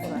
对吧？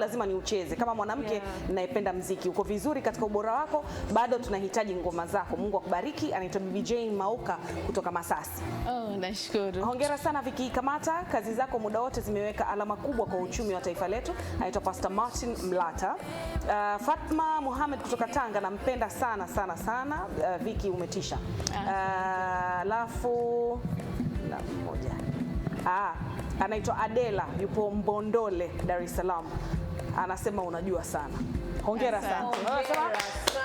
lazima niucheze kama mwanamke yeah. Naipenda mziki, uko vizuri katika ubora wako, bado tunahitaji ngoma zako. Mungu akubariki. Anaitwa Bibi Jane Mauka kutoka Masasi. Oh, nashukuru. Hongera sana Viki Kamata, kazi zako muda wote zimeweka alama kubwa kwa uchumi wa taifa letu. Anaitwa Pastor Martin Mlata. Uh, Fatma Muhamed kutoka Tanga, nampenda sana sana sana. Uh, Viki umetisha. Ah. Uh, alafu uh, na mmoja ah, anaitwa Adela yupo Mbondole, Dar es Salaam anasema unajua sana. Hongera sana.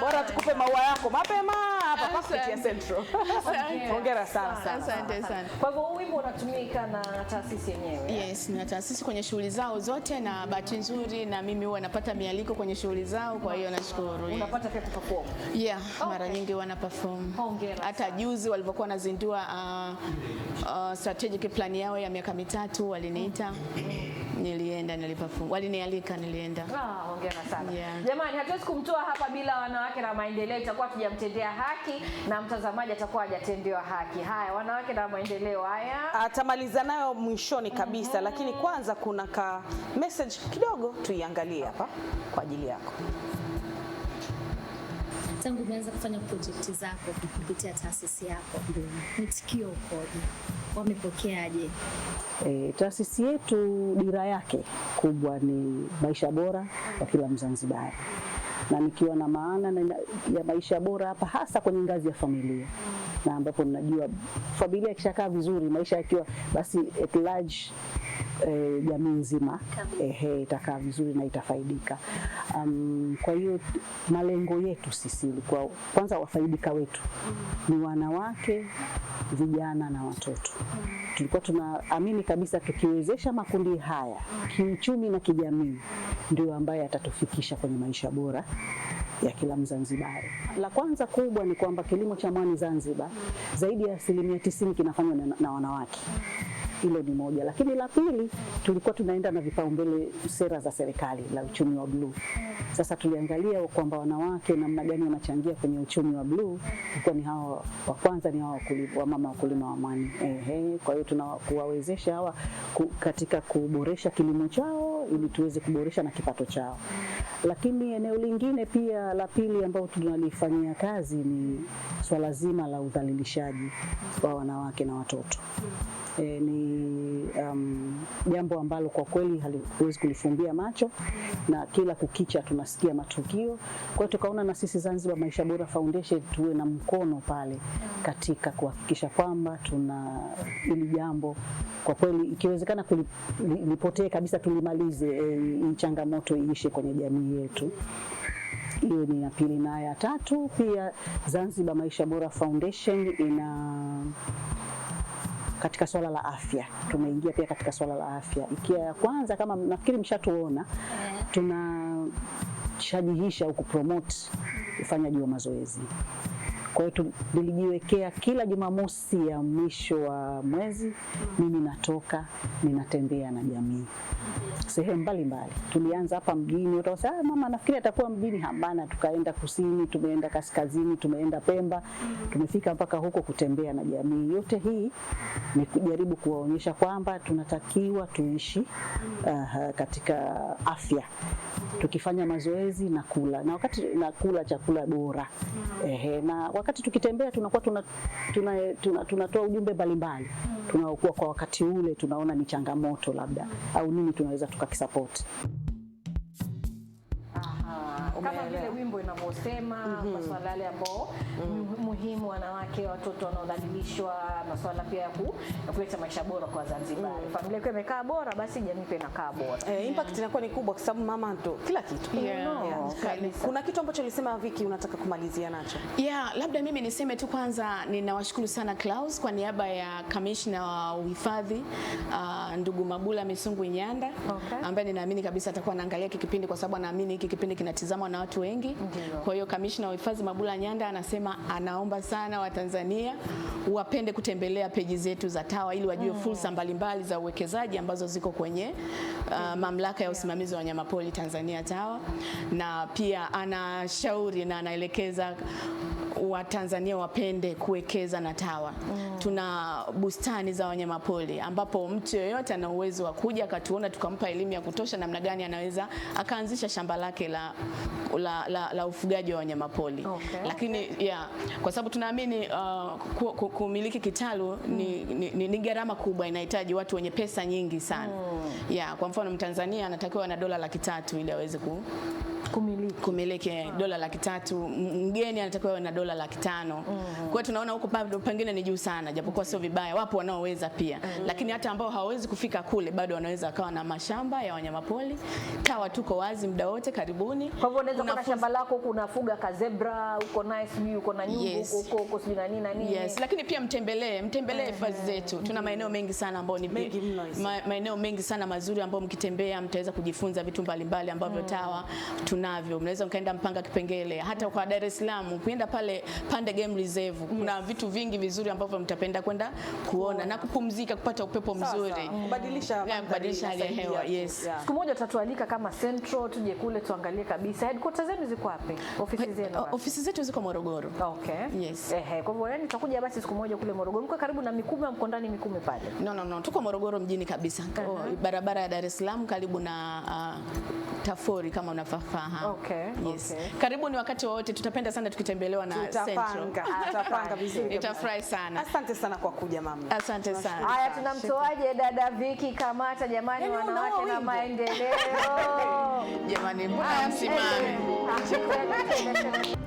bora tukupe maua yako mapema hapa pafeti ya Central. Hongera sana sana. Asante sana. Kwa hivyo wimbo unatumika na taasisi yenyewe. Yes, na taasisi kwenye shughuli zao zote na Bahati nzuri na mimi huwa napata mialiko kwenye shughuli zao, kwa hiyo nashukuru. Unapata pia kuperform. Yeah, mara nyingi wana perform. Hongera. Hata juzi walivyokuwa wanazindua uh, uh, strategic plan yao ya miaka mitatu waliniita nilienda nilipafu, walinialika nilienda. Ah, hongera sana. Yeah. Jamani, hatuwezi kumtoa hapa bila wanawake na maendeleo, itakuwa tujamtendea haki haki na mtazamaji atakuwa hajatendewa haki. Haya, wanawake na maendeleo haya atamaliza nayo mwishoni mhm. kabisa mm -hmm. Lakini kwanza kuna ka message kidogo tuiangalie hapa kwa ajili yako. Tangu umeanza kufanya projekti zako kupitia taasisi yako, mwitikio ukoje? Wamepokeaje? E, taasisi yetu dira yake kubwa ni maisha bora kwa kila Mzanzibari na nikiwa na maana na ya maisha bora hapa, hasa kwenye ngazi ya familia na ambapo najua familia ikishakaa vizuri, maisha yakiwa basi at large Eh, jamii e, nzima ehe, itakaa vizuri na itafaidika. Um, kwa hiyo malengo yetu sisi ilikuwa kwanza wafaidika wetu ni wanawake, vijana na watoto tulikuwa tunaamini kabisa tukiwezesha makundi haya kiuchumi na kijamii ndio ambaye atatufikisha kwenye maisha bora ya kila Mzanzibari. La kwanza kubwa ni kwamba kilimo cha mwani Zanzibar zaidi ya asilimia tisini kinafanywa na, na wanawake hilo ni moja, lakini la pili tulikuwa tunaenda na vipaumbele sera za serikali la uchumi wa bluu. Sasa tuliangalia kwamba wanawake namna gani wanachangia kwenye uchumi wa bluu, ilikuwa ni hawa wa kwanza, ni hawa wamama wakulima wa mwani. Ehe, kwa hiyo tunakuwawezesha hawa katika kuboresha kilimo chao ili tuweze kuboresha na kipato chao. Lakini eneo lingine pia la pili ambao tunalifanyia kazi ni swala zima la udhalilishaji wa wanawake na watoto. E, ni Um, jambo um, ambalo kwa kweli haliwezi kulifumbia macho na kila kukicha tunasikia matukio. Kwa hiyo tukaona na sisi Zanzibar Maisha Bora Foundation tuwe na mkono pale katika kuhakikisha kwamba tuna ili jambo kwa kweli ikiwezekana kulipotee kabisa, tulimalize e, changamoto iishe kwenye jamii yetu. Hiyo ni ya pili, na ya tatu pia Zanzibar Maisha Bora Foundation ina katika swala la afya, tumeingia pia katika swala la afya. Ikiwa ya kwanza kama nafikiri mshatuona, tunashajihisha au kupromote ufanyaji wa mazoezi kwa hiyo nilijiwekea kila Jumamosi ya mwisho wa mwezi mimi natoka ninatembea na jamii sehemu mbalimbali. Tulianza hapa mjini, utasema ah, mama nafikiri atakuwa mjini. Hapana, tukaenda kusini, tumeenda kaskazini, tumeenda Pemba, tumefika mpaka huko kutembea na jamii. Yote hii ni kujaribu kuwaonyesha kwamba tunatakiwa tuishi uh, katika afya tukifanya mazoezi na kula na wakati na kula chakula bora ehe, na wakati tukitembea tunakuwa tunatoa tuna, tuna, tuna, tuna ujumbe mbalimbali mm. tunaokuwa kwa wakati ule tunaona ni changamoto labda mm. au nini tunaweza tukakisapoti kama vile wimbo inavyosema mm -hmm. masuala yale ambao mm -hmm. muhimu, wanawake, watoto wanaodhalilishwa, masuala pia ya kuleta maisha bora kwa Zanzibar. mm -hmm. Familia ikiwa imekaa bora, basi jamii pia inakaa bora. Eh, impact inakuwa ni kubwa kwa sababu mama ndo kila kitu. yeah. Yeah. Yeah. Kuna kitu ambacho ulisema Viki, unataka kumalizia nacho? Yeah, labda mimi niseme tu kwanza, ninawashukuru sana Klaus kwa niaba ya kamishna wa uhifadhi uh, ndugu Mabula Misungu Nyanda okay. ambaye ninaamini kabisa atakuwa anaangalia kikipindi kipindi kwa sababu anaamini hiki kipindi kinatizamwa na watu wengi. Kwa hiyo kamishna wa hifadhi Mabula Nyanda anasema anaomba sana Watanzania wapende kutembelea peji zetu za TAWA ili wajue mm. fursa mbalimbali za uwekezaji ambazo ziko kwenye uh, mamlaka ya usimamizi wa wanyamapori Tanzania TAWA, na pia anashauri na anaelekeza Watanzania wapende kuwekeza na TAWA mm. Tuna bustani za wanyamapori ambapo mtu yeyote ana uwezo wa kuja akatuona, tukampa elimu ya kutosha namna gani anaweza akaanzisha shamba lake la, la, la, la ufugaji wa wanyamapori okay. Lakini okay. Yeah, kwa sababu tunaamini uh, kumiliki kitalu mm. ni, ni, ni gharama kubwa, inahitaji watu wenye pesa nyingi sana mm. Yeah, kwa mfano Mtanzania anatakiwa na dola laki tatu ili aweze ku kumiliki, kumiliki eh, ah. dola laki tatu, mgeni anatakiwa awe na dola laki tano mm -hmm. Kwa tunaona huko bado pengine ni juu sana, japokuwa sio vibaya, wapo wanaoweza pia mm -hmm. Lakini hata ambao hawawezi kufika kule bado wanaweza wakawa na mashamba ya wanyamapori. TAWA tuko wazi muda wote, karibuni. Kwa hivyo unaweza kuwa na shamba lako huko unafuga ka zebra huko na sijui uko na nyumbu yes. huko huko sijui na nini na nini yes. Lakini pia mtembelee, mtembelee mm-hmm. hifadhi mm -hmm. zetu, tuna mm-hmm. maeneo mengi sana ambao ni mengi ma, maeneo mengi sana mazuri ambao mkitembea mtaweza kujifunza vitu mbalimbali ambavyo mm -hmm. TAWA tunavyo, mnaweza mkaenda Mpanga Kipengele, hata kwa Dar es Salaam ukienda pale Pande Game Reserve kuna yes. vitu vingi vizuri ambavyo mtapenda kwenda kuona oh. na kupumzika, kupata upepo mzuri, kubadilisha kubadilisha hali ya hewa yes. yeah. Siku moja utatualika kama Central, tuje kule tuangalie kabisa. Headquarters zenu ziko wapi? Ofisi zenu Ofisi zetu ziko Morogoro. Okay. Yes. Ehe, kwa hivyo yani tutakuja basi siku moja kule Morogoro. Mko karibu na Mikumi, mko ndani Mikumi pale? No, no, no. Tuko Morogoro mjini kabisa. Uh oh, -huh. Barabara ya Dar es Salaam karibu na uh, Tafori kama unafahamu Aha. Okay, yes. Okay. Karibu ni wakati wowote, tutapenda sana tukitembelewa na Central. Tutapanga vizuri. Itafurahi sana. Asante sana kwa kuja mama. Asante sana. Haya, tunamtoaje dada Viki Kamata jamani, yaani wanawake na maendeleo. Jamani, mbona ah, msimame? Eh, eh, eh,